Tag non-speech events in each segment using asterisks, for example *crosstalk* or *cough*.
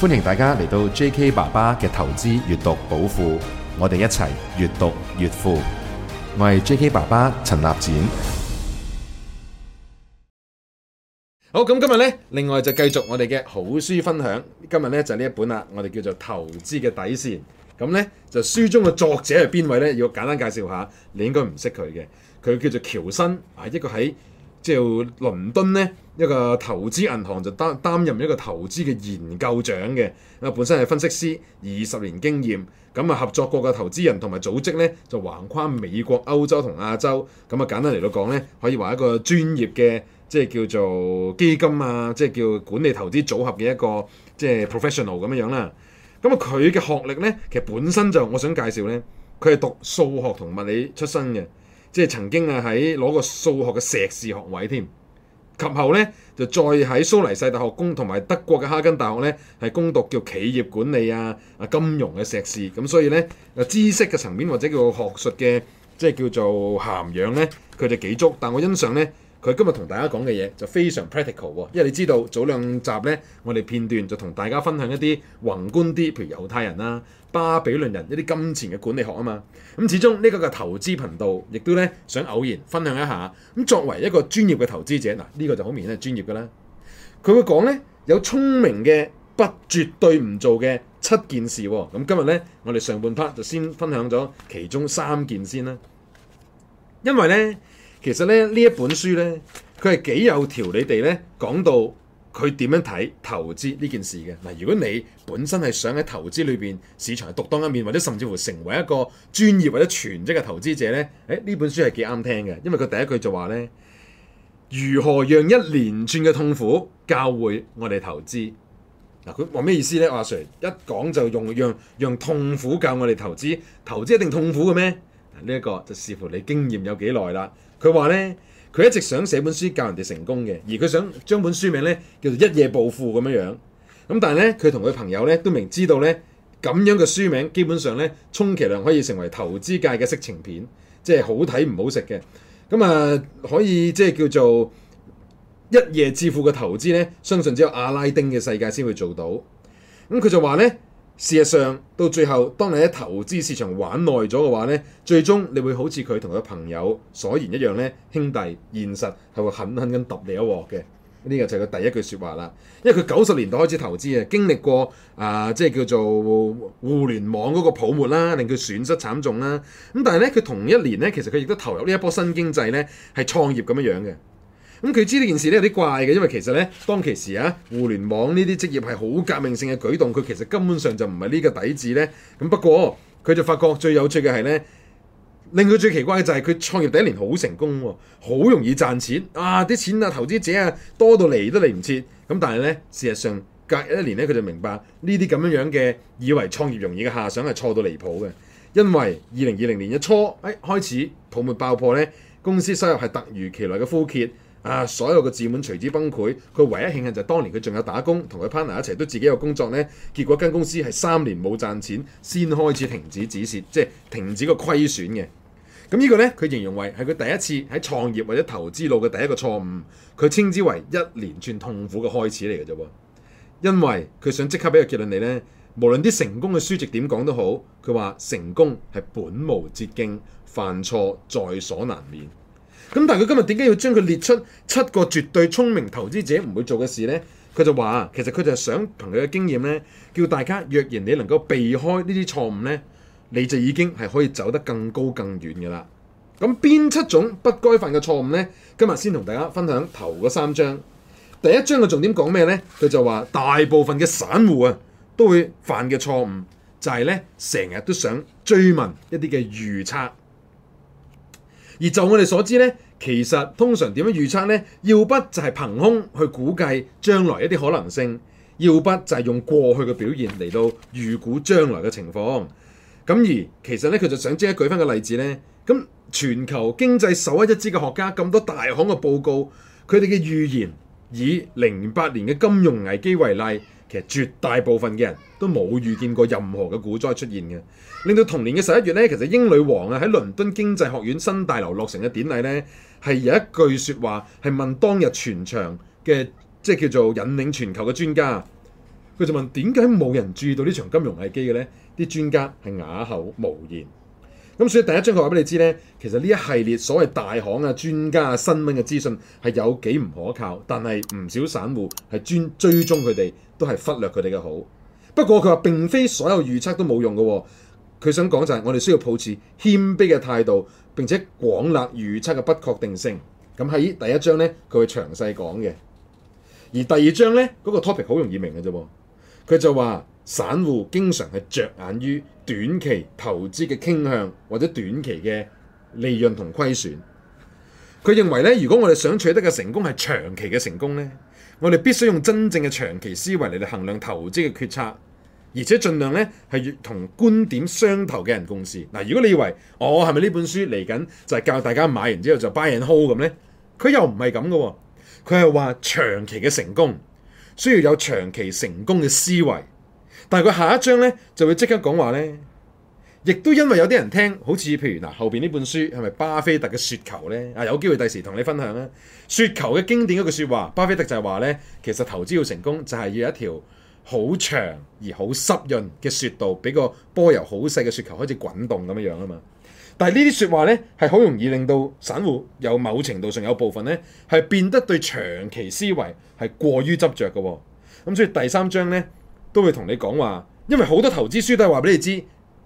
歡迎大家嚟到 J.K. 爸爸嘅投資閱讀寶庫，我哋一齊越讀越富。我係 J.K. 爸爸陳立展。好，咁今日呢，另外就繼續我哋嘅好書分享。今日呢，就呢一本啦，我哋叫做《投資嘅底線》。咁呢就書中嘅作者係邊位呢？要簡單介紹下，你應該唔識佢嘅。佢叫做喬森啊，一個喺即係倫敦咧，一個投資銀行就擔擔任一個投資嘅研究長嘅，啊本身係分析師，二十年經驗，咁啊合作過嘅投資人同埋組織咧，就橫跨美國、歐洲同亞洲，咁啊簡單嚟到講咧，可以話一個專業嘅，即係叫做基金啊，即係叫管理投資組合嘅一個，即係 professional 咁樣啦。咁啊佢嘅學歷咧，其實本身就我想介紹咧，佢係讀數學同物理出身嘅。即係曾經啊，喺攞過數學嘅碩士學位添，及後咧就再喺蘇黎世大學攻同埋德國嘅哈根大學咧，係攻讀叫企業管理啊、啊金融嘅碩士，咁所以咧知識嘅層面或者叫學術嘅即係叫做涵養咧，佢哋幾足，但我欣賞咧。佢今日同大家講嘅嘢就非常 practical，因為你知道早兩集呢，我哋片段就同大家分享一啲宏觀啲，譬如猶太人啦、啊、巴比倫人一啲金錢嘅管理學啊嘛。咁始終呢個嘅投資頻道亦都呢，想偶然分享一下。咁作為一個專業嘅投資者，嗱、這、呢個就好明顯係專業㗎啦。佢會講呢，有聰明嘅不絕對唔做嘅七件事。咁今日呢，我哋上半 part 就先分享咗其中三件先啦，因為呢。其實咧，呢一本書呢，佢係幾有條理地呢，講到佢點樣睇投資呢件事嘅。嗱，如果你本身係想喺投資裏邊市場獨當一面，或者甚至乎成為一個專業或者全職嘅投資者呢，誒呢本書係幾啱聽嘅，因為佢第一句就話呢，如何讓一連串嘅痛苦教會我哋投資？嗱，佢話咩意思呢？阿 Sir 一講就用讓讓痛苦教我哋投資，投資一定痛苦嘅咩？嗱，呢一個就視乎你經驗有幾耐啦。佢話咧，佢一直想寫本書教人哋成功嘅，而佢想將本書名咧叫做一夜暴富咁樣樣。咁但係咧，佢同佢朋友咧都明知道咧，咁樣嘅書名基本上咧，充其量可以成為投資界嘅色情片，即係好睇唔好食嘅。咁啊，可以即係叫做一夜致富嘅投資咧，相信只有阿拉丁嘅世界先會做到。咁佢就話咧。事實上，到最後，當你喺投資市場玩耐咗嘅話，呢最終你會好似佢同佢朋友所言一樣，呢兄弟現實係會狠狠咁揼你一鑊嘅。呢個就係佢第一句說話啦。因為佢九十年代開始投資啊，經歷過啊、呃，即係叫做互聯網嗰個泡沫啦，令佢損失慘重啦。咁但係呢，佢同一年呢，其實佢亦都投入呢一波新經濟呢係創業咁樣樣嘅。咁佢，嗯、知呢件事咧，有啲怪嘅。因為其實咧當其時啊，互聯網呢啲職業係好革命性嘅舉動，佢其實根本上就唔係呢個底子咧。咁不過佢就發覺最有趣嘅係咧，令佢最奇怪嘅就係佢創業第一年好成功，哦，好容易賺錢啊！啲錢啊，投資者啊多到嚟都嚟唔切。咁但係咧事實上隔一年咧，佢就明白呢啲咁樣樣嘅以為創業容易嘅遐想係錯到離譜嘅，因為二零二零年一初，誒、哎、開始泡沫爆破咧，公司收入係突如其來嘅枯竭。啊！所有嘅自滿隨之崩潰，佢唯一慶幸就係當年佢仲有打工，同佢 partner 一齊都自己有工作呢，結果間公司係三年冇賺錢，先開始停止止蝕，即係停止個虧損嘅。咁呢個呢，佢形容為係佢第一次喺創業或者投資路嘅第一個錯誤。佢稱之為一連串痛苦嘅開始嚟嘅啫噃。因為佢想即刻俾個結論你呢：無論啲成功嘅書籍點講都好，佢話成功係本無捷徑，犯錯在所難免。咁但係佢今日點解要將佢列出七個絕對聰明投資者唔會做嘅事呢？佢就話其實佢就想憑佢嘅經驗呢，叫大家若然你能夠避開呢啲錯誤呢，你就已經係可以走得更高更遠嘅啦。咁邊七種不該犯嘅錯誤呢？今日先同大家分享頭嗰三章。第一章嘅重點講咩呢？佢就話大部分嘅散戶啊都會犯嘅錯誤就係呢，成日都想追問一啲嘅預測。而就我哋所知呢，其實通常點樣預測呢？要不就係憑空去估計將來一啲可能性，要不就係用過去嘅表現嚟到預估將來嘅情況。咁而其實呢，佢就想即刻舉返個例子呢：咁全球經濟首屈一指嘅學家咁多大行嘅報告，佢哋嘅預言，以零八年嘅金融危機為例。其實絕大部分嘅人都冇遇見過任何嘅股災出現嘅，令到同年嘅十一月咧，其實英女王啊喺倫敦經濟學院新大樓落成嘅典禮咧，係有一句説話係問當日全場嘅，即係叫做引領全球嘅專家，佢就問點解冇人注意到呢場金融危機嘅咧？啲專家係啞口無言。咁所以第一章佢話俾你知咧，其實呢一系列所謂大行啊、專家啊、新聞嘅資訊係有幾唔可靠，但係唔少散戶係專追蹤佢哋，都係忽略佢哋嘅好。不過佢話並非所有預測都冇用嘅，佢想講就係我哋需要抱持謙卑嘅態度，並且廣納預測嘅不確定性。咁喺第一章咧，佢會詳細講嘅。而第二章咧，嗰個 topic 好容易明嘅啫，佢就話。散戶經常係着眼於短期投資嘅傾向，或者短期嘅利潤同虧損。佢認為咧，如果我哋想取得嘅成功係長期嘅成功咧，我哋必須用真正嘅長期思維嚟嚟衡量投資嘅決策，而且盡量咧係與同觀點相投嘅人共事。嗱，如果你以為我係咪呢本書嚟緊就係教大家買完之後就 buy and hold 咁咧，佢又唔係咁嘅喎。佢係話長期嘅成功需要有長期成功嘅思維。但係佢下一章咧，就會即刻講話咧，亦都因為有啲人聽，好似譬如嗱，後邊呢本書係咪巴菲特嘅雪球咧？啊，有機會第時同你分享啦。雪球嘅經典一句說話，巴菲特就係話咧，其實投資要成功就係要一條好長而好濕潤嘅雪道，俾個波由好細嘅雪球開始滾動咁樣樣啊嘛。但係呢啲說話咧，係好容易令到散戶有某程度上有部分咧，係變得對長期思維係過於執着嘅。咁所以第三章咧。都會同你講話，因為好多投資書都係話俾你知，因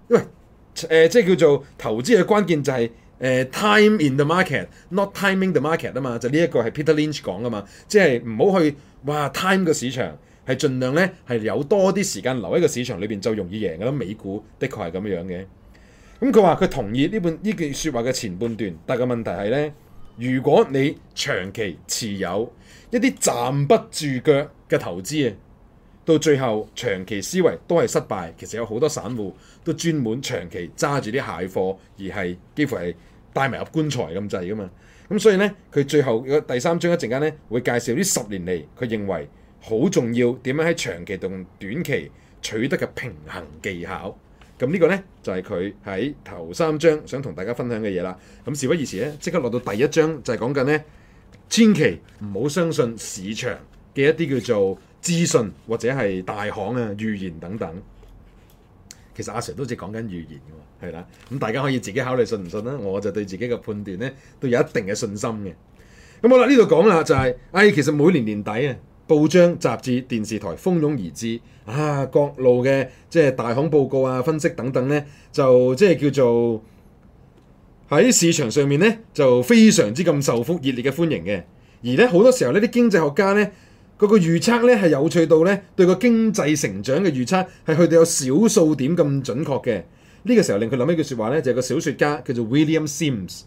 為誒、呃、即係叫做投資嘅關鍵就係、是、誒、呃、time in the market，not timing the market 啊嘛，就呢一個係 Peter Lynch 講噶嘛，即係唔好去哇 time 市盡個市場，係儘量咧係有多啲時間留喺個市場裏邊就容易贏嘅啦。美股的確係咁樣嘅。咁佢話佢同意呢本呢句說話嘅前半段，但係個問題係咧，如果你長期持有一啲站不住腳嘅投資啊。到最後長期思維都係失敗，其實有好多散戶都專門長期揸住啲蟹貨，而係幾乎係帶埋入棺材咁滯㗎嘛。咁所以呢，佢最後第三章一陣間呢會介紹呢十年嚟佢認為好重要點樣喺長期同短期取得嘅平衡技巧。咁呢個呢，就係佢喺頭三章想同大家分享嘅嘢啦。咁事不宜遲咧，即刻落到第一章就係、是、講緊呢：千祈唔好相信市場嘅一啲叫做資訊或者係大行啊，預言等等，其實阿 Sir 都只講緊預言嘅喎，係啦，咁大家可以自己考慮信唔信啦、啊。我就對自己嘅判斷咧都有一定嘅信心嘅。咁、嗯、好啦，呢度講啦就係、是，唉、哎，其實每年年底啊，報章、雜誌、電視台蜂擁而至啊，各路嘅即係大行報告啊、分析等等咧，就即係、就是、叫做喺市場上面咧就非常之咁受歡迎、熱烈嘅歡迎嘅。而咧好多時候呢啲經濟學家咧。嗰個預測咧係有趣到咧，對個經濟成長嘅預測係去到有小數點咁準確嘅。呢、這個時候令佢諗起句説話咧，就係、是、個小說家叫做 William Sims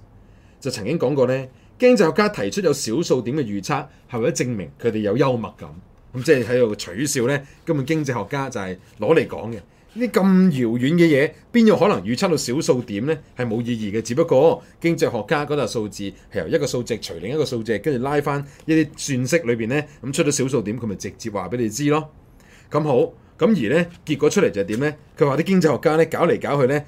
就曾經講過咧，經濟學家提出有小數點嘅預測係為咗證明佢哋有幽默感，咁即係喺度取笑咧。根本經濟學家就係攞嚟講嘅。呢啲咁遙遠嘅嘢，邊有可能預測到小數點呢？係冇意義嘅，只不過經濟學家嗰沓數字係由一個數值除另一個數字，跟住拉翻一啲算式裏邊呢，咁出咗小數點，佢咪直接話俾你知咯。咁好，咁而呢結果出嚟就係點呢？佢話啲經濟學家咧搞嚟搞去呢。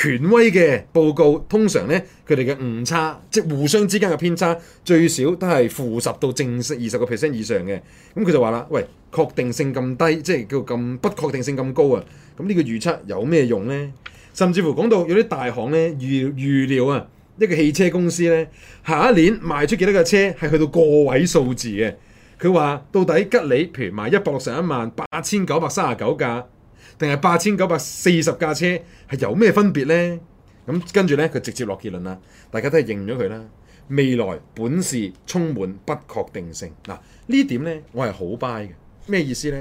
權威嘅報告通常咧，佢哋嘅誤差即係互相之間嘅偏差最少都係負十到正式二十個 percent 以上嘅。咁、嗯、佢就話啦：「喂，確定性咁低，即係叫咁不確定性咁高啊！咁呢個預測有咩用呢？」甚至乎講到有啲大行咧預預料啊，一個汽車公司咧，下一年賣出幾多架車係去到個位數字嘅。佢話到底吉利譬如賣一百六十一萬八千九百三十九架。定係八千九百四十架車係有咩分別呢？咁跟住呢，佢直接落結論啦，大家都係認咗佢啦。未來本事充滿不確定性嗱，呢點呢，我係好 buy 嘅。咩意思呢？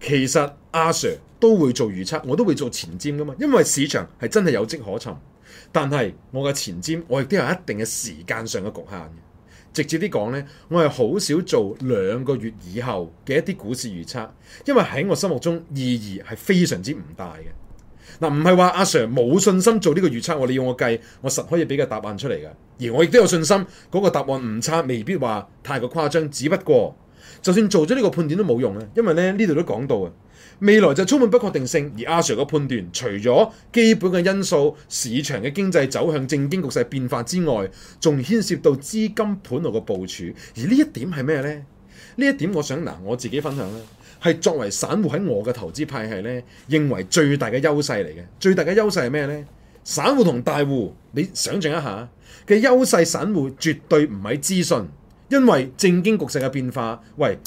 其實阿 Sir 都會做預測，我都會做前瞻噶嘛，因為市場係真係有跡可尋。但係我嘅前瞻，我亦都有一定嘅時間上嘅局限嘅。直接啲講咧，我係好少做兩個月以後嘅一啲股市預測，因為喺我心目中意義係非常之唔大嘅。嗱、呃，唔係話阿 Sir 冇信心做呢個預測，我你要我計，我實可以俾個答案出嚟嘅。而我亦都有信心嗰個答案唔差，未必話太過誇張。只不過，就算做咗呢個判斷都冇用啊，因為咧呢度都講到啊。未來就充滿不確定性，而阿 Sir 嘅判斷，除咗基本嘅因素、市場嘅經濟走向、政經局勢變化之外，仲牽涉到資金盤路嘅部署。而呢一點係咩呢？呢一點我想嗱、呃，我自己分享呢係作為散戶喺我嘅投資派系呢，認為最大嘅優勢嚟嘅。最大嘅優勢係咩呢？散戶同大戶，你想象一下嘅優勢，優勢散戶絕對唔係資訊，因為政經局勢嘅變化，喂。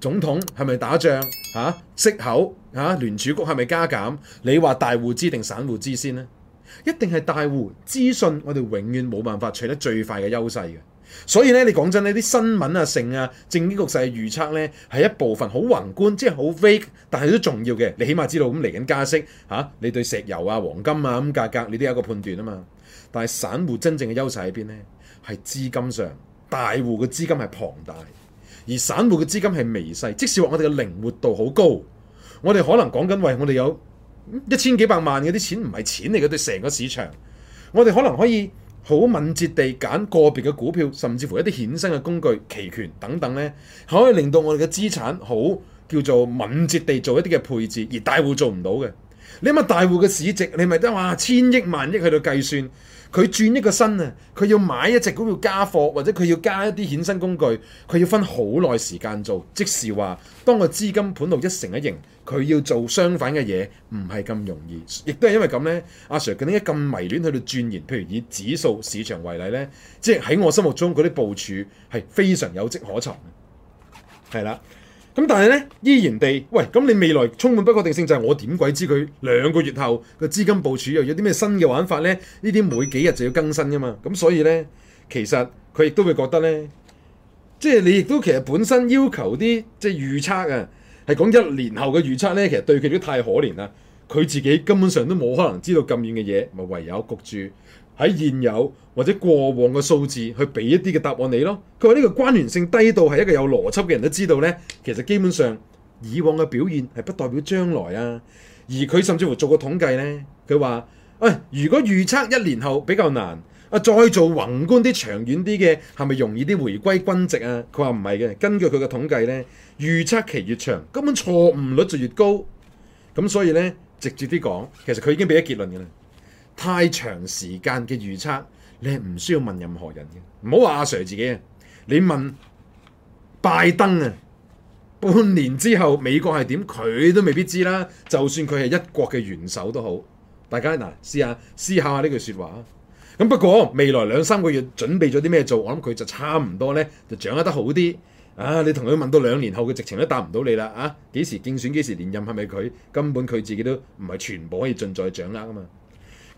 總統係咪打仗嚇、啊、息口嚇、啊、聯儲局係咪加減？你話大戶資定散戶資先咧？一定係大戶資訊，我哋永遠冇辦法取得最快嘅優勢嘅。所以咧，你講真咧，啲新聞啊、性啊、政經局勢嘅預測咧，係一部分好宏觀，即係好 vague，但係都重要嘅。你起碼知道咁嚟緊加息嚇、啊，你對石油啊、黃金啊咁價格，你都有一個判斷啊嘛。但係散戶真正嘅優勢喺邊咧？係資金上，大戶嘅資金係龐大。而散戶嘅資金係微細，即使話我哋嘅靈活度好高，我哋可能講緊，喂，我哋有一千幾百萬嘅啲錢，唔係錢嚟嘅，對成個市場，我哋可能可以好敏捷地揀個別嘅股票，甚至乎一啲衍生嘅工具、期權等等呢，可以令到我哋嘅資產好叫做敏捷地做一啲嘅配置，而大戶做唔到嘅。你問大戶嘅市值，你咪得哇千億萬億去到計算。佢轉一個身啊，佢要買一隻股票加貨，或者佢要加一啲衍生工具，佢要分好耐時間做。即是話當個資金盤路一成一形，佢要做相反嘅嘢唔係咁容易，亦都係因為咁呢，阿 Sir 嗰啲咁迷戀喺度鑽研，譬如以指數市場為例呢，即係喺我心目中嗰啲部署係非常有跡可尋嘅，係啦。咁但係咧，依然地，喂，咁你未來充滿不確定性，就係我點鬼知佢兩個月後個資金部署又有啲咩新嘅玩法咧？呢啲每幾日就要更新噶嘛，咁所以咧，其實佢亦都會覺得咧，即係你亦都其實本身要求啲即係預測啊，係講一年後嘅預測咧，其實對佢都太可憐啦，佢自己根本上都冇可能知道咁遠嘅嘢，咪唯有焗住。喺現有或者過往嘅數字去俾一啲嘅答案你咯。佢話呢個關聯性低到係一個有邏輯嘅人都知道呢，其實基本上以往嘅表現係不代表將來啊。而佢甚至乎做過統計呢，佢話：喂、哎，如果預測一年後比較難啊，再做宏觀啲、長遠啲嘅係咪容易啲回歸均值啊？佢話唔係嘅，根據佢嘅統計呢，預測期越長，根本錯誤率就越高。咁所以呢，直接啲講，其實佢已經俾咗結論嘅啦。太長時間嘅預測，你係唔需要問任何人嘅。唔好話阿 Sir 自己啊，你問拜登啊，半年之後美國係點？佢都未必知啦。就算佢係一國嘅元首都好，大家嗱，試下思考下呢句説話。咁不過未來兩三個月準備咗啲咩做，我諗佢就差唔多咧，就掌握得好啲。啊，你同佢問到兩年後嘅直情都答唔到你啦。啊，幾時競選，幾時連任，係咪佢根本佢自己都唔係全部可以盡在掌握啊嘛？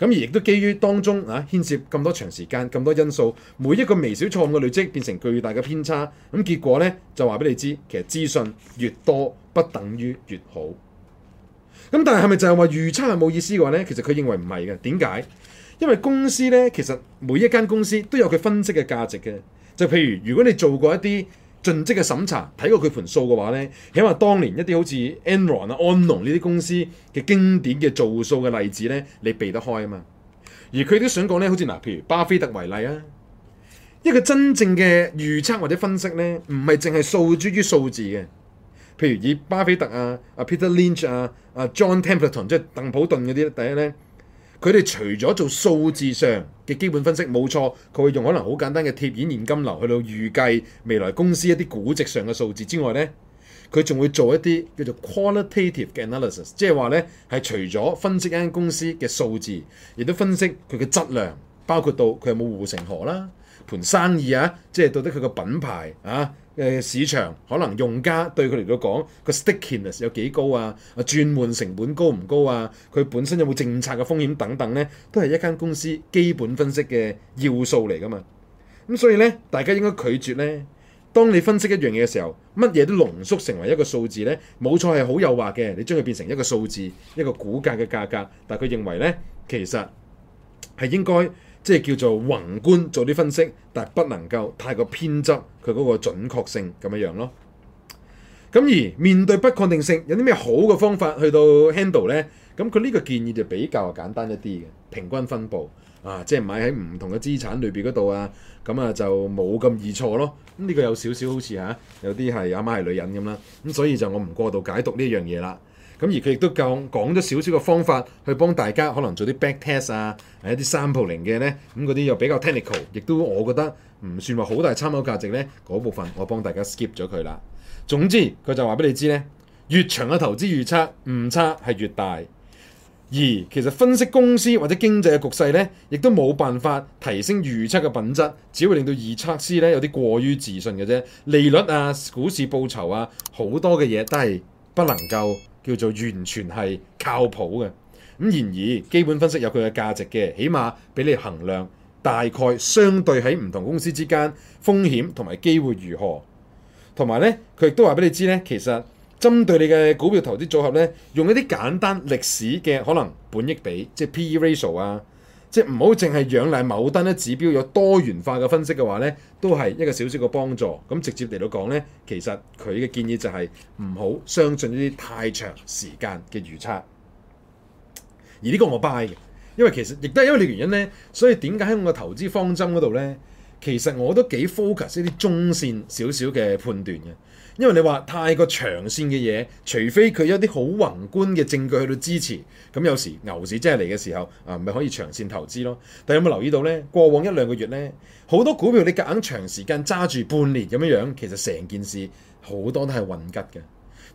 咁而亦都基於當中啊牽涉咁多長時間、咁多因素，每一個微小錯誤嘅累積變成巨大嘅偏差。咁、啊、結果呢，就話俾你知，其實資訊越多不等於越好。咁、啊、但係係咪就係話預測係冇意思嘅話呢？其實佢認為唔係嘅。點解？因為公司呢，其實每一間公司都有佢分析嘅價值嘅。就譬如如果你做過一啲。盡職嘅審查，睇過佢盤數嘅話咧，起碼當年一啲好似 Enron 啊、安隆呢啲公司嘅經典嘅造數嘅例子咧，你避得開啊嘛？而佢都想講咧，好似嗱，譬如巴菲特為例啊，一個真正嘅預測或者分析咧，唔係淨係訴諸於數字嘅。譬如以巴菲特啊、阿 Peter Lynch 啊、阿 John Templeton 即係鄧普頓嗰啲第一咧。佢哋除咗做數字上嘅基本分析冇錯，佢會用可能好簡單嘅貼現現金流去到預計未來公司一啲估值上嘅數字之外呢，佢仲會做一啲叫做 qualitative 嘅 analysis，即係話呢係除咗分析一間公司嘅數字，亦都分析佢嘅質量，包括到佢有冇護城河啦，盤生意啊，即係到底佢嘅品牌啊。嘅市場可能用家對佢嚟到講個 stickiness 有幾高啊？啊轉換成本高唔高啊？佢本身有冇政策嘅風險等等呢，都係一間公司基本分析嘅要素嚟㗎嘛。咁所以呢，大家應該拒絕呢。當你分析一樣嘢嘅時候，乜嘢都濃縮成為一個數字呢，冇錯係好誘惑嘅。你將佢變成一個數字，一個股價嘅價格，但係佢認為呢，其實係應該。即係叫做宏觀做啲分析，但係不能夠太過偏執佢嗰個準確性咁樣樣咯。咁而面對不確定性，有啲咩好嘅方法去到 handle 咧？咁佢呢個建議就比較簡單一啲嘅，平均分布，啊，即係買喺唔同嘅資產類別嗰度啊，咁啊就冇咁易錯咯。咁、這、呢個有少少好似嚇，有啲係阿媽係女人咁啦。咁所以就我唔過度解讀呢樣嘢啦。咁而佢亦都講講咗少少嘅方法，去幫大家可能做啲 back test 啊，係一啲 sampling 嘅呢，咁啲又比較 technical，亦都我覺得唔算話好大參考價值呢。嗰部分我幫大家 skip 咗佢啦。總之佢就話俾你知呢，越長嘅投資預測誤差係越大，而其實分析公司或者經濟嘅局勢呢，亦都冇辦法提升預測嘅品質，只會令到預測師呢有啲過於自信嘅啫。利率啊，股市報酬啊，好多嘅嘢都係不能夠。叫做完全係靠譜嘅，咁然而基本分析有佢嘅價值嘅，起碼俾你衡量大概相對喺唔同公司之間風險同埋機會如何，同埋咧佢亦都話俾你知咧，其實針對你嘅股票投資組合咧，用一啲簡單歷史嘅可能本益比，即係 P/E ratio 啊。即係唔好淨係仰賴某單一指標，有多元化嘅分析嘅話咧，都係一個小小嘅幫助。咁直接嚟到講咧，其實佢嘅建議就係唔好相信呢啲太長時間嘅預測。而呢個我 buy 嘅，因為其實亦都係因為呢個原因咧，所以點解喺我投資方針嗰度咧，其實我都幾 focus 一啲中線少少嘅判斷嘅。因為你話太過長線嘅嘢，除非佢有啲好宏觀嘅證據去到支持，咁有時牛市真係嚟嘅時候，啊咪可以長線投資咯。但係有冇留意到呢？過往一兩個月呢，好多股票你夾硬長時間揸住半年咁樣樣，其實成件事好多都係混吉嘅。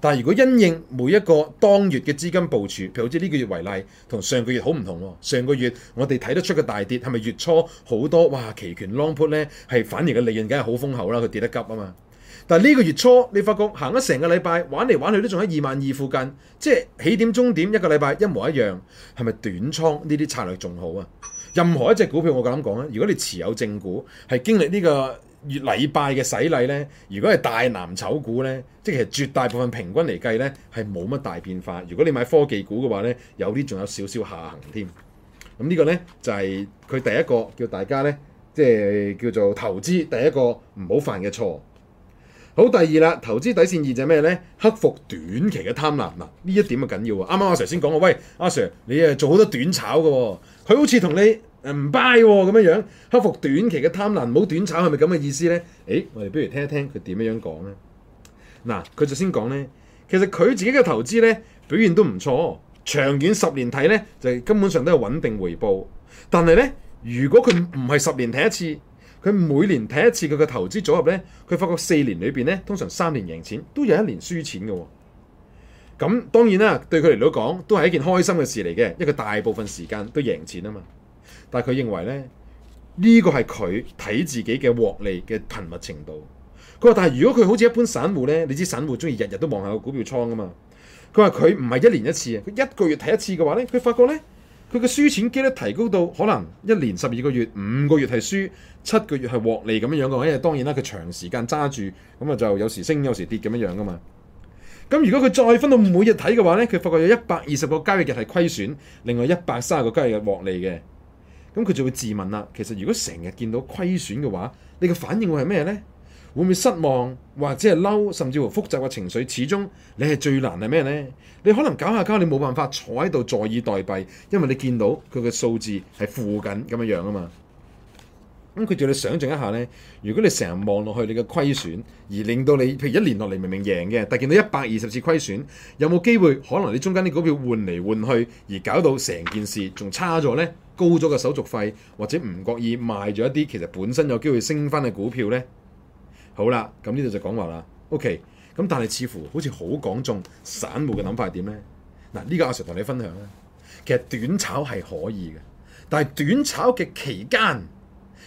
但係如果因應每一個當月嘅資金部署，譬如好似呢個月為例，同上個月好唔同。上個月我哋睇得出個大跌係咪月初好多哇？期權 long put 呢係反而嘅利潤梗係好豐厚啦，佢跌得急啊嘛～但係呢個月初，你發覺行咗成個禮拜，玩嚟玩去都仲喺二萬二附近，即係起點終點一個禮拜一模一樣，係咪短倉呢啲策略仲好啊？任何一隻股票我咁講啊，如果你持有正股，係經歷呢個月禮拜嘅洗禮咧，如果係大藍籌股咧，即係絕大部分平均嚟計咧，係冇乜大變化。如果你買科技股嘅話咧，有啲仲有少少下行添。咁呢個咧就係佢第一個叫大家咧，即係叫做投資第一個唔好犯嘅錯。好，第二啦，投資底線二就係咩咧？克服短期嘅貪婪，嗱呢一點剛剛啊緊要喎。啱啱阿 Sir 先講過，喂，阿、啊、Sir 你啊做好多短炒嘅、哦，佢好似同你誒唔 buy 咁、哦、樣樣，克服短期嘅貪婪，唔好短炒係咪咁嘅意思咧？誒，我哋不如聽一聽佢點樣講咧。嗱，佢就先講咧，其實佢自己嘅投資咧表現都唔錯，長遠十年睇咧就係根本上都係穩定回報。但係咧，如果佢唔係十年睇一次。佢每年睇一次佢嘅投資組合咧，佢發覺四年裏邊咧，通常三年贏錢，都有一年輸錢嘅喎。咁當然啦，對佢嚟到講都係一件開心嘅事嚟嘅，因為大部分時間都贏錢啊嘛。但係佢認為咧，呢個係佢睇自己嘅獲利嘅頻密程度。佢話：，但係如果佢好似一般散戶咧，你知散戶中意日日都望下個股票倉啊嘛。佢話：佢唔係一年一次，佢一個月睇一次嘅話咧，佢發覺咧。佢嘅輸錢機率提高到可能一年十二個月，五個月係輸，七個月係獲利咁樣樣嘅，因為當然啦，佢長時間揸住咁啊，就有時升、有時跌咁樣樣噶嘛。咁如果佢再分到每日睇嘅話咧，佢發覺有一百二十個交易日係虧損，另外一百三十個交易日獲利嘅，咁佢就會自問啦。其實如果成日見到虧損嘅話，你嘅反應會係咩咧？會唔會失望，或者係嬲，甚至乎複雜嘅情緒，始終你係最難係咩呢？你可能搞下搞下，你冇辦法坐喺度坐以待斃，因為你見到佢嘅數字係負緊咁樣樣啊嘛。咁佢叫你想像一下呢，如果你成日望落去你嘅虧損，而令到你譬如一年落嚟明明贏嘅，但見到一百二十次虧損，有冇機會可能你中間啲股票換嚟換去，而搞到成件事仲差咗呢？高咗嘅手續費，或者唔覺意賣咗一啲其實本身有機會升翻嘅股票呢？好啦，咁呢度就講話啦。OK，咁但係似乎好似好講中，散戶嘅諗法係點呢？嗱，呢個阿 Sir 同你分享咧，其實短炒係可以嘅，但係短炒嘅期間，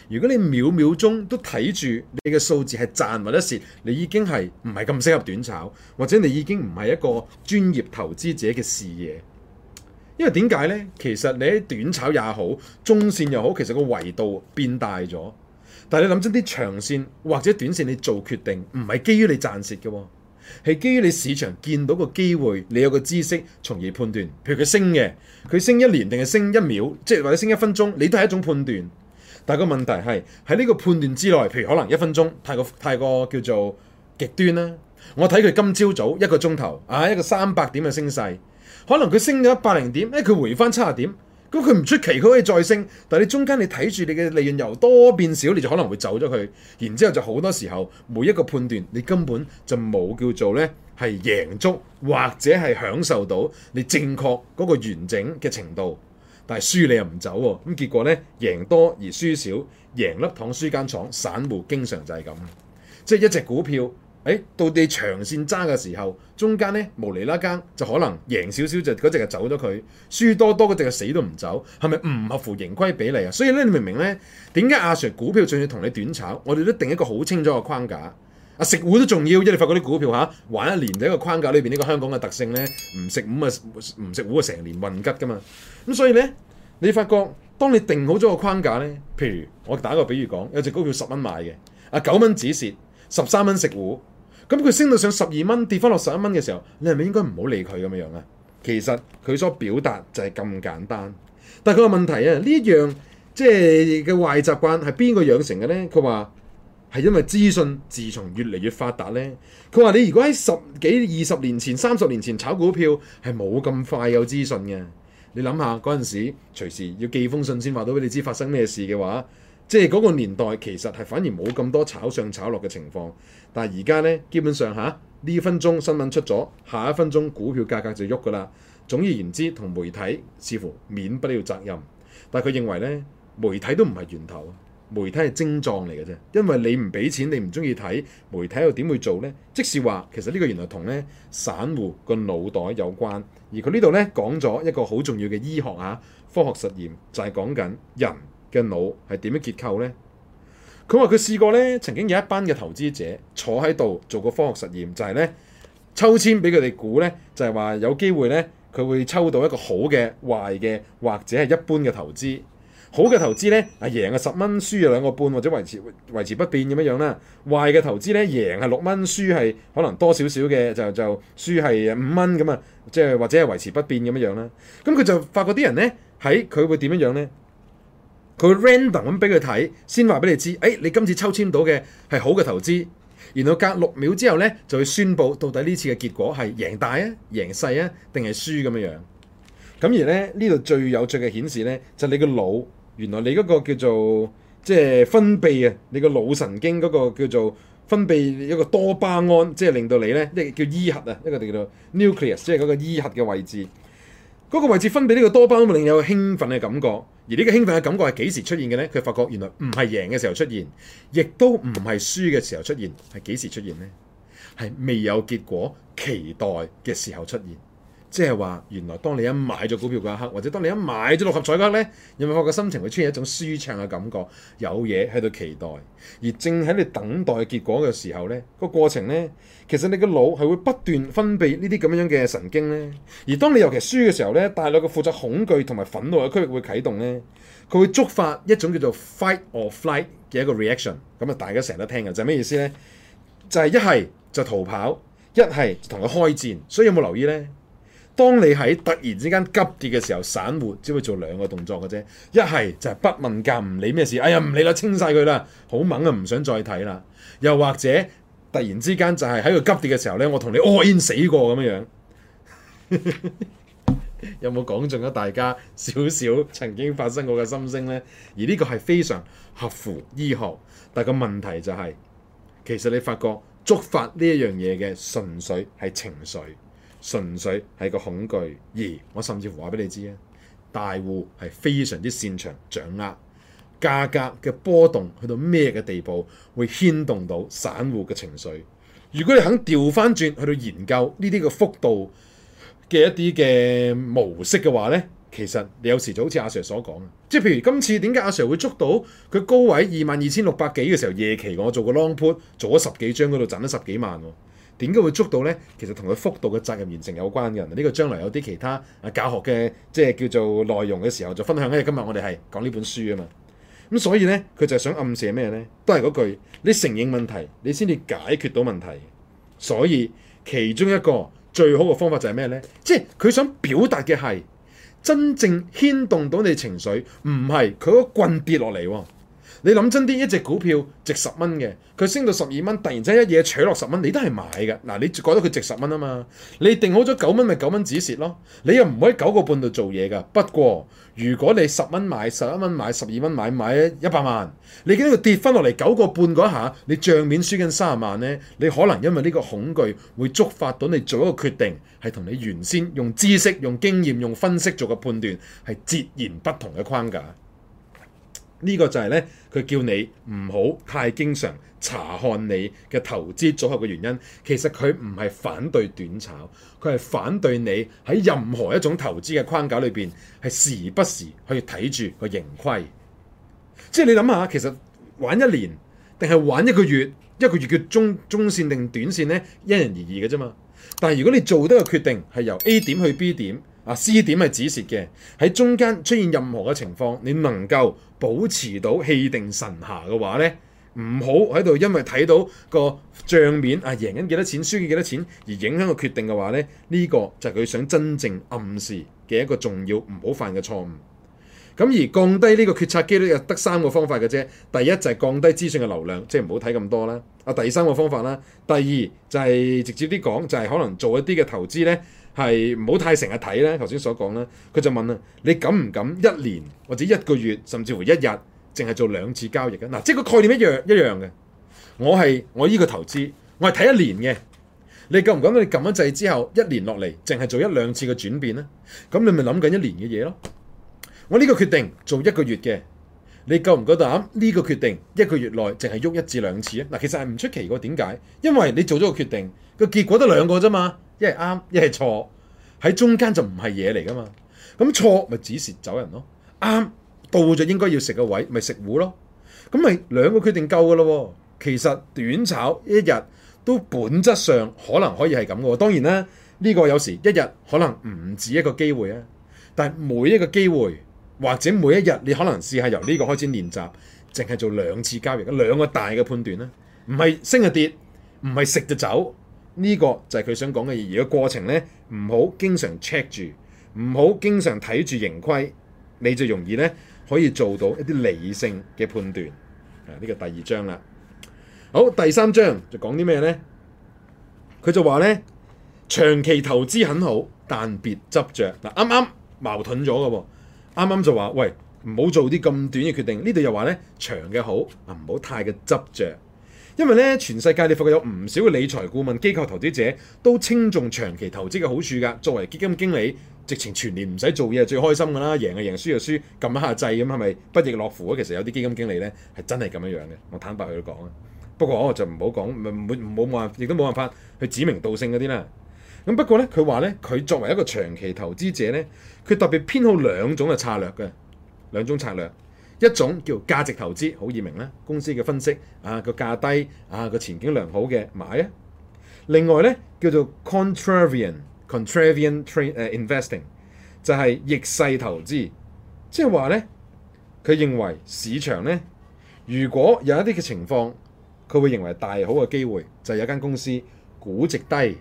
如果你秒秒鐘都睇住你嘅數字係賺或者蝕，你已經係唔係咁適合短炒，或者你已經唔係一個專業投資者嘅視野。因為點解呢？其實你喺短炒也好，中線又好，其實個維度變大咗。但係你諗真啲長線或者短線，你做決定唔係基於你賺蝕嘅，係基於你市場見到個機會，你有個知識從而判斷。譬如佢升嘅，佢升一年定係升一秒，即係或者升一分鐘，你都係一種判斷。但係個問題係喺呢個判斷之內，譬如可能一分鐘太過太過叫做極端啦。我睇佢今朝早，早一個鐘頭啊，一個三百點嘅升勢，可能佢升咗一百零點，誒佢回翻七十點。咁佢唔出奇，佢可以再升，但係你中間你睇住你嘅利潤由多變少，你就可能會走咗佢，然之後就好多時候每一個判斷你根本就冇叫做呢係贏足或者係享受到你正確嗰個完整嘅程度，但係輸你又唔走喎，哦，咁結果呢，贏多而輸少，贏粒糖輸間廠，散戶經常就係咁，即係一隻股票。誒到底長線揸嘅時候，中間咧無釐啦更就可能贏少少就嗰隻就走咗佢，輸多多嗰隻就死都唔走，係咪唔合乎盈虧比例啊？所以咧，你明唔明咧？點解阿 Sir 股票仲要同你短炒？我哋都定一個好清楚嘅框架。啊，食糊都重要，因為你發覺啲股票嚇玩一年就一個框架裏邊，呢個香港嘅特性咧，唔食五啊，唔食糊啊，成年混吉㗎嘛。咁所以咧，你發覺當你定好咗個框架咧，譬如我打個比喻講，有隻股票十蚊買嘅，啊九蚊止蝕。十三蚊食糊，咁佢升到上十二蚊，跌翻落十一蚊嘅時候，你係咪應該唔好理佢咁嘅樣啊？其實佢所表達就係咁簡單，但係佢個問題啊，呢一樣即係嘅壞習慣係邊個養成嘅呢？佢話係因為資訊自從越嚟越發達呢。佢話你如果喺十幾二十年前、三十年前炒股票係冇咁快有資訊嘅，你諗下嗰陣時隨時要寄封信先話到俾你知發生咩事嘅話。即係嗰個年代，其實係反而冇咁多炒上炒落嘅情況。但係而家呢，基本上吓，呢分鐘新聞出咗，下一分鐘股票價格就喐噶啦。總而言之，同媒體似乎免不了責任。但係佢認為呢，媒體都唔係源頭，媒體係症狀嚟嘅啫。因為你唔俾錢，你唔中意睇，媒體又點會做呢？即係話其實呢個原來同呢散戶個腦袋有關。而佢呢度呢，講咗一個好重要嘅醫學啊、科學實驗，就係講緊人。嘅腦係點樣結構呢？佢話佢試過咧，曾經有一班嘅投資者坐喺度做過科學實驗，就係咧抽籤俾佢哋估呢，就係話有機會呢，佢會抽到一個好嘅、壞嘅或者係一般嘅投資。好嘅投資呢，啊贏係十蚊，輸係兩個半或者維持維持不變咁樣樣啦。壞嘅投資呢，贏係六蚊，輸係可能多少少嘅就就輸係五蚊咁啊，即係或者係維持不變咁樣樣啦。咁佢就發覺啲人呢，喺佢會點樣樣咧？佢 random 咁俾佢睇，先話俾你知，誒、哎，你今次抽籤到嘅係好嘅投資，然後隔六秒之後咧就會宣佈到底呢次嘅結果係贏大啊、贏細啊，定係輸咁樣樣。咁而咧呢度最有趣嘅顯示咧，就是、你個腦原來你嗰個叫做即係、就是、分泌啊，你個腦神經嗰個叫做分泌一個多巴胺，即、就、係、是、令到你咧即係叫依核啊，一個叫做 nucleus，即係嗰個依核嘅位置。嗰個位置分泌呢個多巴胺會令你有興奮嘅感覺，而呢個興奮嘅感覺係幾時出現嘅咧？佢發覺原來唔係贏嘅時候出現，亦都唔係輸嘅時候出現，係幾時出現咧？係未有結果期待嘅時候出現。即係話，原來當你一買咗股票嗰一刻，或者當你一買咗六合彩嗰刻咧，有冇人嘅心情會出現一種舒暢嘅感覺，有嘢喺度期待。而正喺你等待結果嘅時候咧，個過程咧，其實你嘅腦係會不斷分泌呢啲咁樣嘅神經咧。而當你尤其輸嘅時候咧，大腦嘅負責恐懼同埋憤怒嘅區域會啟動咧，佢會觸發一種叫做 fight or flight 嘅一個 reaction。咁啊，大家成日都聽嘅就係、是、咩意思咧？就係一係就逃跑，一係就同佢開戰。所以有冇留意咧？當你喺突然之間急跌嘅時候，散戶只會做兩個動作嘅啫，一係就係不問價唔理咩事，哎呀唔理啦，清晒佢啦，好猛呀，唔想再睇啦。又或者突然之間就係喺個急跌嘅時候咧，我同你 all in 死過咁樣樣， *laughs* 有冇講中咗大家少少曾經發生過嘅心聲呢？而呢個係非常合乎醫學，但個問題就係，其實你發覺觸發呢一樣嘢嘅純粹係情緒。純粹係個恐懼，而我甚至乎話俾你知啊，大戶係非常之擅長掌握價格嘅波動，去到咩嘅地步會牽動到散戶嘅情緒。如果你肯調翻轉去到研究呢啲嘅幅度嘅一啲嘅模式嘅話呢，其實你有時就好似阿 Sir 所講啊，即係譬如今次點解阿 Sir 會捉到佢高位二萬二千六百幾嘅時候，夜期我做個 long put，做咗十幾張嗰度賺咗十幾萬喎。點解會捉到呢？其實同佢幅度嘅責任完成有關嘅。呢個將來有啲其他啊教學嘅即係叫做內容嘅時候，就分享。因為今日我哋係講呢本書啊嘛。咁所以呢，佢就係想暗示咩呢？都係嗰句：你承認問題，你先至解決到問題。所以其中一個最好嘅方法就係咩呢？即係佢想表達嘅係真正牽動到你情緒，唔係佢個棍跌落嚟。你諗真啲，一隻股票值十蚊嘅，佢升到十二蚊，突然之間一嘢取落十蚊，你都係買嘅。嗱，你覺得佢值十蚊啊嘛？你定好咗九蚊，咪九蚊止蝕咯。你又唔可以九個半度做嘢嘅。不過，如果你十蚊買、十一蚊買、十二蚊買買一百萬，你驚佢跌翻落嚟九個半嗰下，你帳面輸緊三十萬呢，你可能因為呢個恐懼會觸發到你做一個決定，係同你原先用知識、用經驗、用分析做嘅判斷係截然不同嘅框架。呢個就係咧，佢叫你唔好太經常查看你嘅投資組合嘅原因。其實佢唔係反對短炒，佢係反對你喺任何一種投資嘅框架裏邊，係時不時去睇住個盈虧。即係你諗下，其實玩一年定係玩一個月，一個月叫中中線定短線呢？因人而異嘅啫嘛。但係如果你做得個決定係由 A 點去 B 點。啊，絲點係指示嘅，喺中間出現任何嘅情況，你能夠保持到氣定神閒嘅話咧，唔好喺度因為睇到個帳面啊贏緊幾多錢，輸幾多錢而影響個決定嘅話咧，呢、呢個就係佢想真正暗示嘅一個重要唔好犯嘅錯誤。咁而降低呢個決策機率又得三個方法嘅啫。第一就係降低資訊嘅流量，即係唔好睇咁多啦。啊，第三個方法啦。第二就係、是、直接啲講，就係、是、可能做一啲嘅投資咧。係唔好太成日睇咧，頭先所講咧，佢就問啊：你敢唔敢一年或者一個月，甚至乎一日，淨係做兩次交易嘅？嗱、啊，即係個概念一樣一樣嘅。我係我依個投資，我係睇一年嘅。你敢唔敢你撳一掣之後，一年落嚟淨係做一兩次嘅轉變咧？咁你咪諗緊一年嘅嘢咯。我呢個決定做一個月嘅，你夠唔夠膽呢個決定一個月內淨係喐一至兩次咧？嗱、啊，其實係唔出奇嘅，點解？因為你做咗個決定，個結果得兩個啫嘛。一係啱，一係錯，喺中間就唔係嘢嚟噶嘛。咁、嗯、錯咪止蝕走人咯，啱到咗應該要食嘅位咪食糊咯。咁、嗯、咪、嗯、兩個決定夠噶咯。其實短炒一日都本質上可能可以係咁嘅。當然啦，呢、呢個有時一日可能唔止一個機會啊。但係每一個機會或者每一日，你可能試下由呢個開始練習，淨係做兩次交易，兩個大嘅判斷啦。唔係升就跌，唔係食就走。呢個就係佢想講嘅嘢，而個過程咧，唔好經常 check 住，唔好經常睇住盈虧，你就容易咧可以做到一啲理性嘅判斷。啊，呢個第二章啦。好，第三章就講啲咩咧？佢就話咧，「長期投資很好，但別執着。」嗱，啱啱矛盾咗嘅喎，啱啱就話喂，唔好做啲咁短嘅決定。呢度又話咧，「長嘅好啊，唔好太嘅執着。」因為咧，全世界你發覺有唔少嘅理財顧問機構投資者都稱重長期投資嘅好處㗎。作為基金經理，直情全年唔使做嘢係最開心㗎啦，贏就贏，輸就輸，撳下掣咁，係咪不亦樂乎啊？其實有啲基金經理咧係真係咁樣樣嘅，我坦白去講啊。不過我就唔好講，冇冇冇冇，亦都冇辦法去指名道姓嗰啲啦。咁不過咧，佢話咧，佢作為一個長期投資者咧，佢特別偏好兩種嘅策略嘅，兩種策略。一種叫價值投資，好易明啦。公司嘅分析啊，個價低啊，個前景良好嘅買啊。另外咧叫做 contrarian contrarian trade、uh, investing 就係逆勢投資，即係話咧佢認為市場咧，如果有一啲嘅情況，佢會認為大好嘅機會就係有間公司估值低、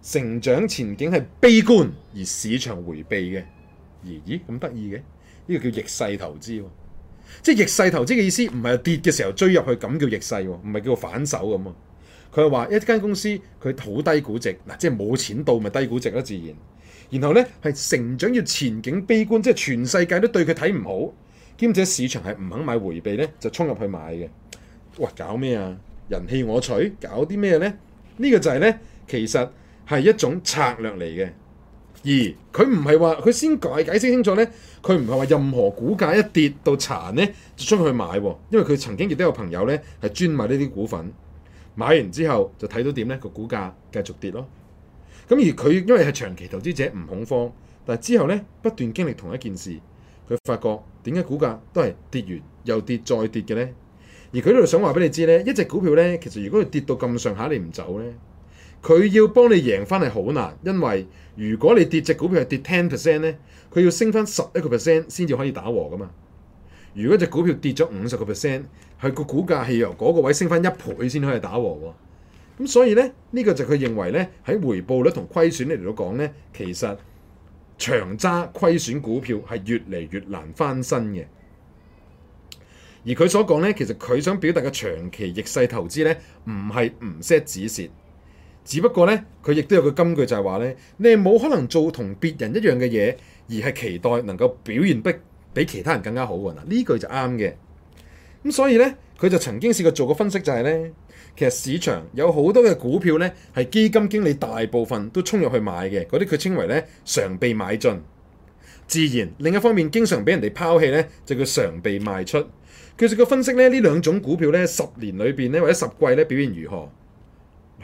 成長前景係悲觀而市場迴避嘅。咦咦，咁得意嘅，呢個叫逆勢投資喎。即係逆勢投資嘅意思，唔係跌嘅時候追入去咁叫逆勢喎，唔係叫反手咁啊。佢係話一間公司佢好低估值，嗱即係冇錢到咪低估值咯，自然。然後咧係成長要前景悲觀，即係全世界都對佢睇唔好，兼且市場係唔肯買回避咧，就衝入去買嘅。喂，搞咩啊？人氣我取，搞啲咩咧？呢個就係咧，其實係一種策略嚟嘅。而佢唔係話佢先解解釋清楚呢。佢唔係話任何股價一跌到殘呢，就出去買喎。哦，因為佢曾經亦都有朋友呢，係專買呢啲股份，買完之後就睇到點呢，個股價繼續跌咯。咁而佢因為係長期投資者，唔恐慌，但係之後呢，不斷經歷同一件事，佢發覺點解股價都係跌完又跌再跌嘅呢？而佢呢度想話俾你知呢，一隻股票呢，其實如果佢跌到咁上下你唔走呢。佢要幫你贏翻係好難，因為如果你跌隻股票係跌 ten percent 咧，佢要升翻十一個 percent 先至可以打和噶嘛。如果隻股票跌咗五十個 percent，係個股價係由嗰個位升翻一倍先可以打和喎。咁所以咧，呢個就佢認為咧，喺回報率同虧損嚟到講咧，其實長揸虧損股票係越嚟越難翻身嘅。而佢所講咧，其實佢想表達嘅長期逆勢投資咧，唔係唔 set 止蝕。只不過咧，佢亦都有句金句就係話咧，你係冇可能做同別人一樣嘅嘢，而係期待能夠表現不比，比其他人更加好喎，嗱，呢句就啱嘅。咁所以咧，佢就曾經試過做個分析，就係咧，其實市場有好多嘅股票咧，係基金經理大部分都衝入去買嘅，嗰啲佢稱為咧常被買進。自然另一方面，經常俾人哋拋棄咧，就叫常被賣出。佢做個分析咧，呢兩種股票咧，十年裏邊咧或者十季咧表現如何？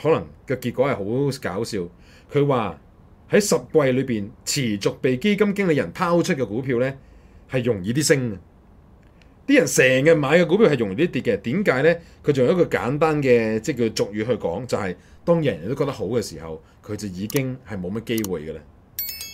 可能嘅結果係好搞笑。佢話喺十季裏邊持續被基金經理人拋出嘅股票呢，係容易啲升。啲人成日買嘅股票係容易啲跌嘅。點解呢？佢仲有一個簡單嘅即叫俗語去講，就係當人人都覺得好嘅時候，佢就已經係冇乜機會嘅啦。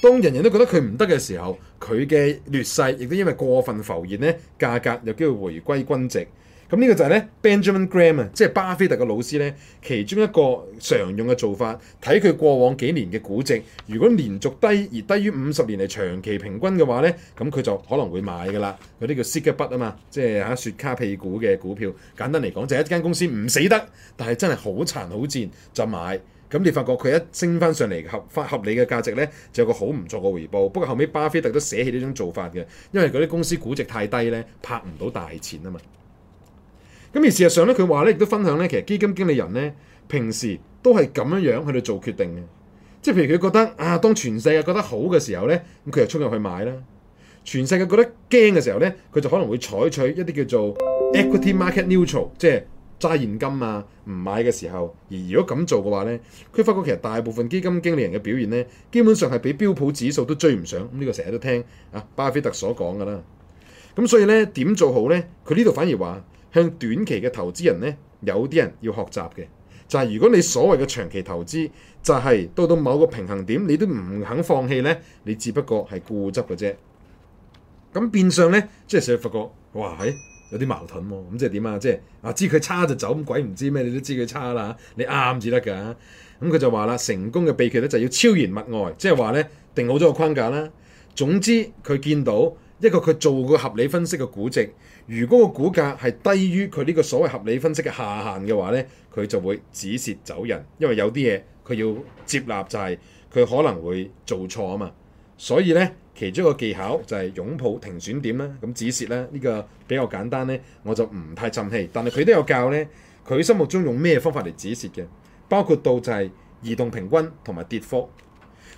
當人人都覺得佢唔得嘅時候，佢嘅劣勢亦都因為過分浮現呢，價格有機會回歸均值。咁呢個就係咧 Benjamin Graham 啊，即係巴菲特嘅老師咧，其中一個常用嘅做法，睇佢過往幾年嘅估值，如果連續低而低於五十年嚟長期平均嘅話咧，咁佢就可能會買噶啦。有啲叫 Cigar Butt 啊嘛，t，即係嚇雪茄屁股嘅股票。簡單嚟講，就一間公司唔死得，但係真係好殘好賤就買。咁你發覺佢一升翻上嚟合合合理嘅價值咧，就有個好唔錯嘅回報。不過後尾巴菲特都捨棄呢種做法嘅，因為嗰啲公司估值太低咧，拍唔到大錢啊嘛。咁而事實上咧，佢話咧，亦都分享咧。其實基金經理人咧，平時都係咁樣樣去到做決定嘅。即係譬如佢覺得啊，當全世界覺得好嘅時候咧，咁佢就衝入去買啦。全世界覺得驚嘅時候咧，佢就可能會採取一啲叫做 equity market neutral，即係揸現金啊，唔買嘅時候。而如果咁做嘅話咧，佢發覺其實大部分基金經理人嘅表現咧，基本上係比標普指數都追唔上。咁、這、呢個成日都聽啊巴菲特所講㗎啦。咁所以咧點做好咧？佢呢度反而話。向短期嘅投資人呢，有啲人要學習嘅，就係如果你所謂嘅長期投資，就係到到某個平衡點，你都唔肯放棄呢，你只不過係固執嘅啫。咁變相呢，即係成日發覺，哇，哎，有啲矛盾喎。咁即係點啊？即係啊，啊，知佢差就走，咁鬼唔知咩？你都知佢差啦，你啱至得㗎。咁佢就話啦，成功嘅秘訣呢，就要超然物外，即係話呢，定好咗個框架啦。總之，佢見到一個佢做過合理分析嘅估值。如果個股價係低於佢呢個所謂合理分析嘅下限嘅話呢，佢就會止蝕走人，因為有啲嘢佢要接納就係佢可能會做錯啊嘛。所以呢，其中一個技巧就係擁抱停損點啦。咁止蝕咧，呢個比較簡單呢，我就唔太浸氣。但係佢都有教呢，佢心目中用咩方法嚟止蝕嘅，包括到就係移動平均同埋跌幅。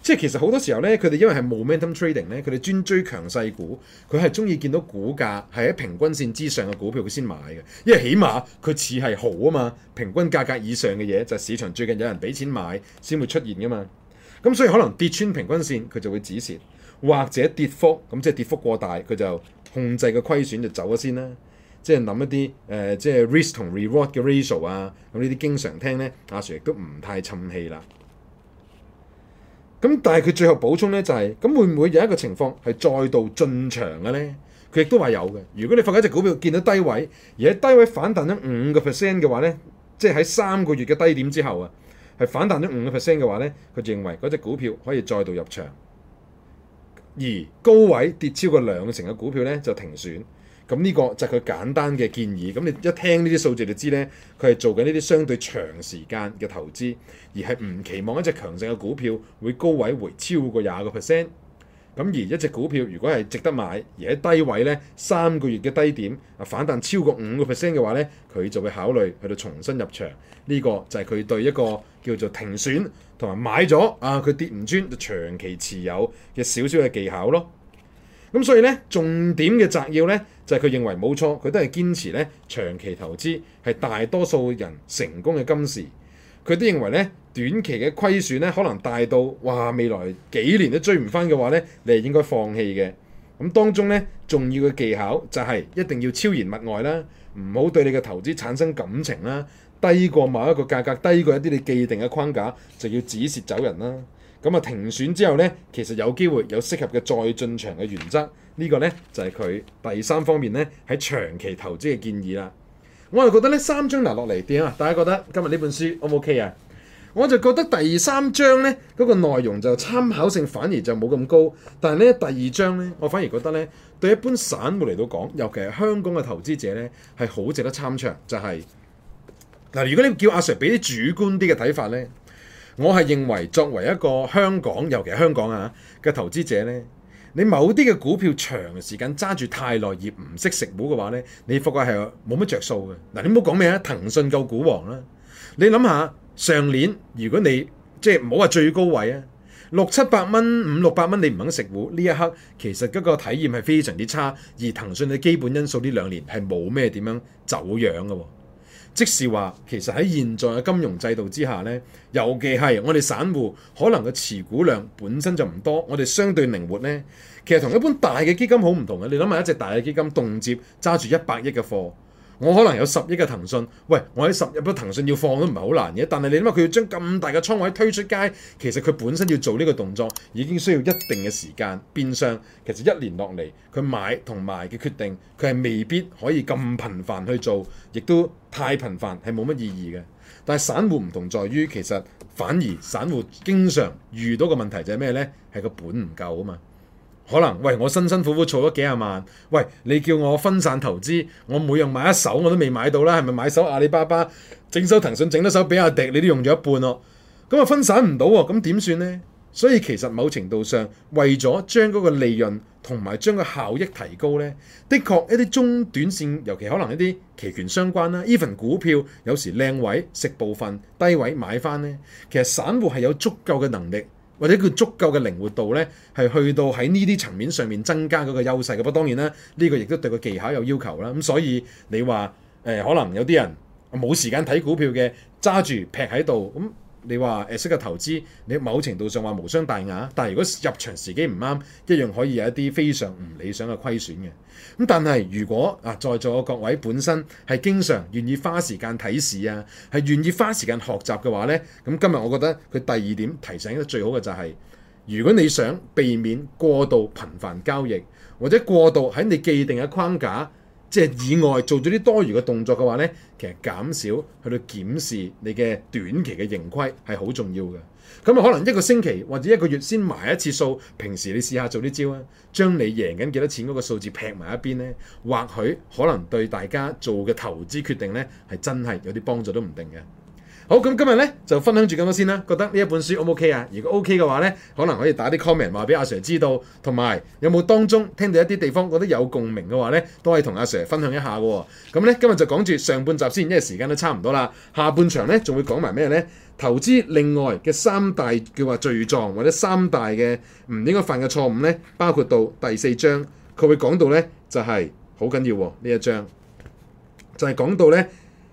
即係其實好多時候咧，佢哋因為係 momentum trading 咧，佢哋專追強勢股，佢係鍾意見到股價係喺平均線之上嘅股票佢先買嘅，因為起碼佢似係好啊嘛，平均價格以上嘅嘢就市場最近有人俾錢買先會出現㗎嘛。咁所以可能跌穿平均線佢就會止蝕，或者跌幅咁即係跌幅過大佢就控制個虧損就走咗先啦。即係諗一啲誒、呃、即係 risk 同 reward 嘅 ratio 啊，咁呢啲經常聽咧，阿 Sir 亦都唔太沉氣啦。咁但係佢最後補充咧，就係，咁會唔會有一個情況係再度進場嘅咧？佢亦都話有嘅。如果你發覺一隻股票見到低位，而喺低位反彈咗五個 percent 嘅話咧，即係喺三個月嘅低點之後啊，係反彈咗五個 percent 嘅話咧，佢認為嗰隻股票可以再度入場，而高位跌超過兩成嘅股票咧就停損。咁呢個就係佢簡單嘅建議。咁你一聽呢啲數字就知咧，佢係做緊呢啲相對長時間嘅投資，而係唔期望一隻強勢嘅股票會高位回超過廿個 percent。咁而一隻股票如果係值得買，而喺低位咧三個月嘅低點啊反彈超過五個 percent 嘅話咧，佢就會考慮去到重新入場。呢、呢個就係佢對一個叫做停損同埋買咗啊佢跌唔穿就長期持有嘅少少嘅技巧咯。咁所以咧重點嘅摘要咧，就係佢認為冇錯，佢都係堅持咧長期投資係大多數人成功嘅金時。佢都認為咧短期嘅虧損咧可能大到哇未來幾年都追唔翻嘅話咧，你係應該放棄嘅。咁當中咧重要嘅技巧就係一定要超然物外啦，唔好對你嘅投資產生感情啦。低過某一個價格，低過一啲你既定嘅框架，就要止蝕走人啦。咁啊停損之後咧，其實有機會有適合嘅再進場嘅原則。呢個呢，就係佢第三方面呢，喺長期投資嘅建議啦。我就覺得呢三章嗱落嚟點啊？大家覺得今日呢本書 O 唔 O K 啊？我就覺得第三章呢，嗰個內容就參考性反而就冇咁高，但係呢第二章呢，我反而覺得呢，對一般散戶嚟到講，尤其係香港嘅投資者呢，係好值得參詳，就係嗱如果你叫阿 Sir 俾啲主觀啲嘅睇法呢，我係認為作為一個香港，尤其係香港啊嘅投資者呢。你某啲嘅股票長時間揸住太耐而唔識食糊嘅話咧，你福個係冇乜着數嘅。嗱，你唔好講咩啊，騰訊夠股王啦。你諗下上年，如果你即係唔好話最高位啊，六七百蚊、五六百蚊，你唔肯食糊呢一刻，其實嗰個體驗係非常之差。而騰訊嘅基本因素呢兩年係冇咩點樣走樣嘅。即是話，其實喺現在嘅金融制度之下，尤其係我哋散戶可能嘅持股量本身就唔多，我哋相對靈活咧，其實同一般大嘅基金好唔同嘅。你諗下，一隻大嘅基金動輒揸住一百億嘅貨。我可能有十億嘅騰訊，喂，我喺十億嘅騰訊要放都唔係好難嘅，但係你諗下佢要將咁大嘅倉位推出街，其實佢本身要做呢個動作已經需要一定嘅時間，變相其實一年落嚟佢買同賣嘅決定，佢係未必可以咁頻繁去做，亦都太頻繁係冇乜意義嘅。但係散戶唔同在於，其實反而散戶經常遇到嘅問題就係咩呢？係個本唔夠啊嘛。可能喂，我辛辛苦苦儲咗幾廿萬，喂，你叫我分散投資，我每樣買一手我都未買到啦，係咪買手阿里巴巴、整手騰訊、整多手比亞迪，你都用咗一半咯？咁啊分散唔到喎，咁點算呢？所以其實某程度上，為咗將嗰個利潤同埋將個效益提高呢，的確一啲中短線，尤其可能一啲期權相關啦，even 股票有時靚位食部分，低位買翻呢。其實散戶係有足夠嘅能力。或者佢足夠嘅靈活度咧，係去到喺呢啲層面上面增加嗰個優勢嘅。不過當然啦，呢、呢個亦都對個技巧有要求啦。咁、嗯、所以你話誒、呃，可能有啲人冇時間睇股票嘅，揸住劈喺度咁。嗯你話誒，識嘅投資，你某程度上話無傷大雅，但係如果入場時機唔啱，一樣可以有一啲非常唔理想嘅虧損嘅。咁但係如果啊，在座嘅各位本身係經常願意花時間睇市啊，係願意花時間學習嘅話呢，咁今日我覺得佢第二點提醒得最好嘅就係、是、如果你想避免過度頻繁交易，或者過度喺你既定嘅框架。即係以外做咗啲多餘嘅動作嘅話呢，其實減少去到檢視你嘅短期嘅盈虧係好重要嘅。咁可能一個星期或者一個月先埋一次數，平時你試下做啲招啊，將你贏緊幾多錢嗰個數字劈埋一邊呢，或許可能對大家做嘅投資決定呢，係真係有啲幫助都唔定嘅。好，咁今日咧就分享住咁多先啦。覺得呢一本書 O 唔 O K 啊？如果 O K 嘅話咧，可能可以打啲 comment 話俾阿 Sir 知道，同埋有冇當中聽到一啲地方覺得有共鳴嘅話咧，都可以同阿 Sir 分享一下嘅、哦。咁、嗯、咧今日就講住上半集先，因為時間都差唔多啦。下半場咧仲會講埋咩咧？投資另外嘅三大叫話罪狀或者三大嘅唔應該犯嘅錯誤咧，包括到第四章，佢會講到咧就係好緊要呢、啊、一章，就係、是、講到咧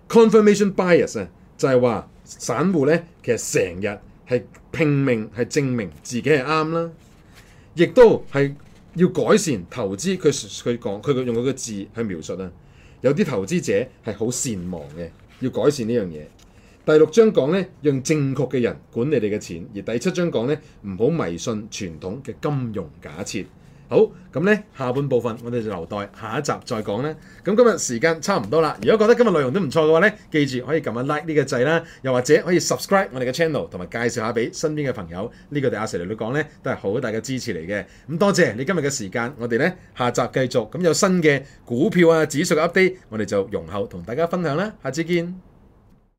Confirmation Bias 啊。就係話，散戶咧，其實成日係拼命，係證明自己係啱啦，亦都係要改善投資。佢佢講，佢用佢嘅字去描述啦。有啲投資者係好善忘嘅，要改善呢樣嘢。第六章講咧，讓正確嘅人管理你嘅錢，而第七章講咧，唔好迷信傳統嘅金融假設。好，咁呢下半部分我哋就留待下一集再講啦。咁今日時間差唔多啦，如果覺得今日內容都唔錯嘅話呢，記住可以撳下 like 呢個掣啦，又或者可以 subscribe 我哋嘅 channel，同埋介紹下俾身邊嘅朋友。呢個對阿 Sir 嚟講咧都係好大嘅支持嚟嘅。咁多謝你今日嘅時間，我哋呢下集繼續，咁有新嘅股票啊、指數 update，我哋就容後同大家分享啦。下次見。